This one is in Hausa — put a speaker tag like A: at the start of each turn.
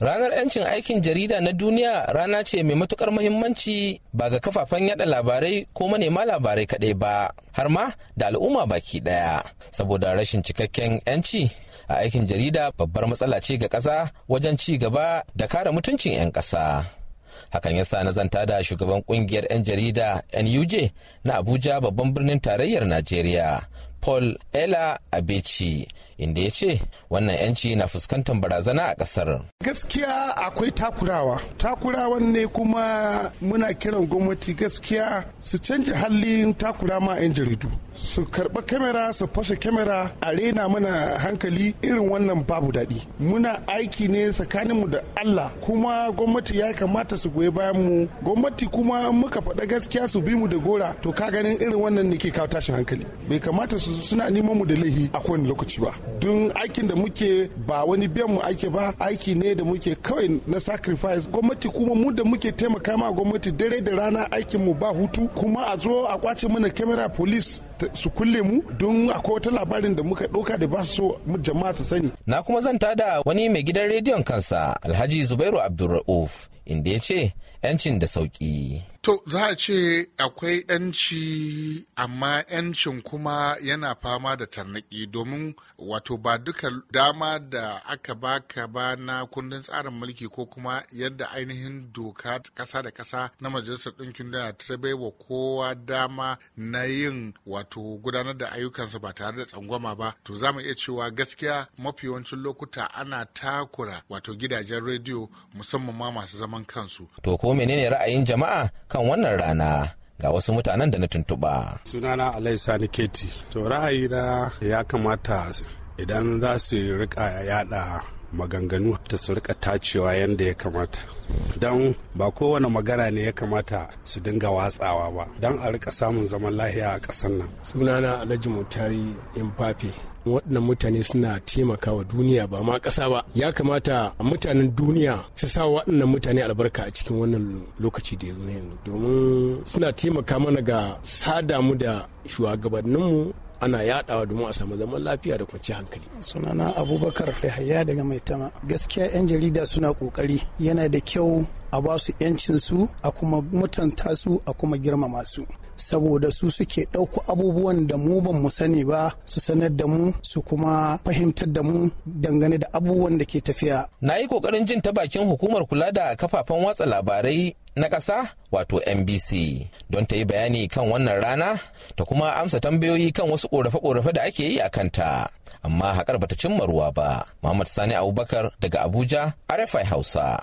A: Ranar 'yancin aikin jarida na duniya rana ce mai matukar muhimmanci ba ga kafafen yada labarai ko manema labarai kaɗai ba, har ma da al'umma baki ɗaya. Saboda rashin cikakken 'yanci a aikin jarida babbar matsala ce ga ƙasa wajen ci gaba da kare mutuncin 'yan ƙasa. Hakan yasa na zanta da shugaban kungiyar 'yan jarida NUJ na Abuja babban birnin tarayyar Najeriya, Paul Ella abeci inda ya ce wannan 'yanci na fuskantar barazana a ƙasar.
B: gaskiya akwai takurawa takurawan ne kuma muna kiran gwamnati gaskiya su canja halin takura ma 'yan jaridu su karba kamera su fasa kamera a rena mana hankali irin wannan babu daɗi muna aiki ne tsakaninmu da allah kuma gwamnati ya kamata su goyi bayan mu gwamnati kuma muka faɗa gaskiya su bi mu da gora to ka ganin irin wannan ne ke kawo tashin hankali bai kamata su suna neman mu da laifi a kowane lokaci ba don aikin da muke ba wani biyan mu aiki ba aiki ne ne da muke kawai na sacrifice gwamnati kuma mu da muke taimaka ma gwamnati dare da rana aikin mu ba hutu kuma a zo a kwace mana camera police su kulle mu don akwai wata labarin
A: da muka ɗauka da ba so jama'a su sani. Na kuma zan tada wani mai gidan rediyon kansa Alhaji Zubairu Abdulra'uf inda ya ce 'yancin da sauki. To za a ce
C: akwai ‘yanci amma ‘yancin kuma yana fama da tarnaki domin wato ba duka dama da aka baka ba na kundin tsarin mulki ko kuma yadda ainihin doka ƙasa da ƙasa na majalisar ɗinkin duniya ta wa kowa dama na yin wato gudanar da ayyukansa ba tare da tsangwama ba to za mu iya cewa gaskiya mafi yawancin lokuta ana takura wato gidajen rediyo musamman ma masu zaman kansu.
A: To ko menene ra'ayin jama'a kan wannan rana ga wasu mutanen da na tuntuɓa.
C: sunana alai sani keti to ra'ayina ya
D: kamata idan za su rika yada
A: maganganu ta su rika tacewa
D: yadda ya kamata don ba kowane magana ne ya kamata su dinga watsawa ba don a rika samun zaman lahiya a ƙasar nan sunana alhaji mutari imfafe waɗannan mutane suna taimakawa duniya ba ma ƙasa ba ya kamata mutanen duniya su sa waɗannan mutane albarka a cikin wannan lokaci da ya zo yanzu domin suna taimaka mana ga sada mu da mu ana yadawa domin a samu zaman lafiya da kwanciyar hankali.
E: Sunana Abubakar Yahaya daga mai tama Gaskiya 'yan jarida suna kokari yana da kyau a ba su 'yancinsu a kuma mutanta su a kuma girmama su. saboda su suke ɗauko abubuwan da mu ban mu sani ba su sanar da mu su kuma fahimtar da mu dangane da abubuwan da ke tafiya.
A: Na yi ƙoƙarin jin ta bakin hukumar kula da kafafen watsa labarai na ƙasa wato NBC don ta yi bayani kan wannan rana ta kuma amsa tambayoyi kan wasu ƙorafe-ƙorafe da ake yi a kanta. Amma haƙar bata cimma ruwa ba. Muhammad Sani Abubakar daga Abuja, RFI Hausa.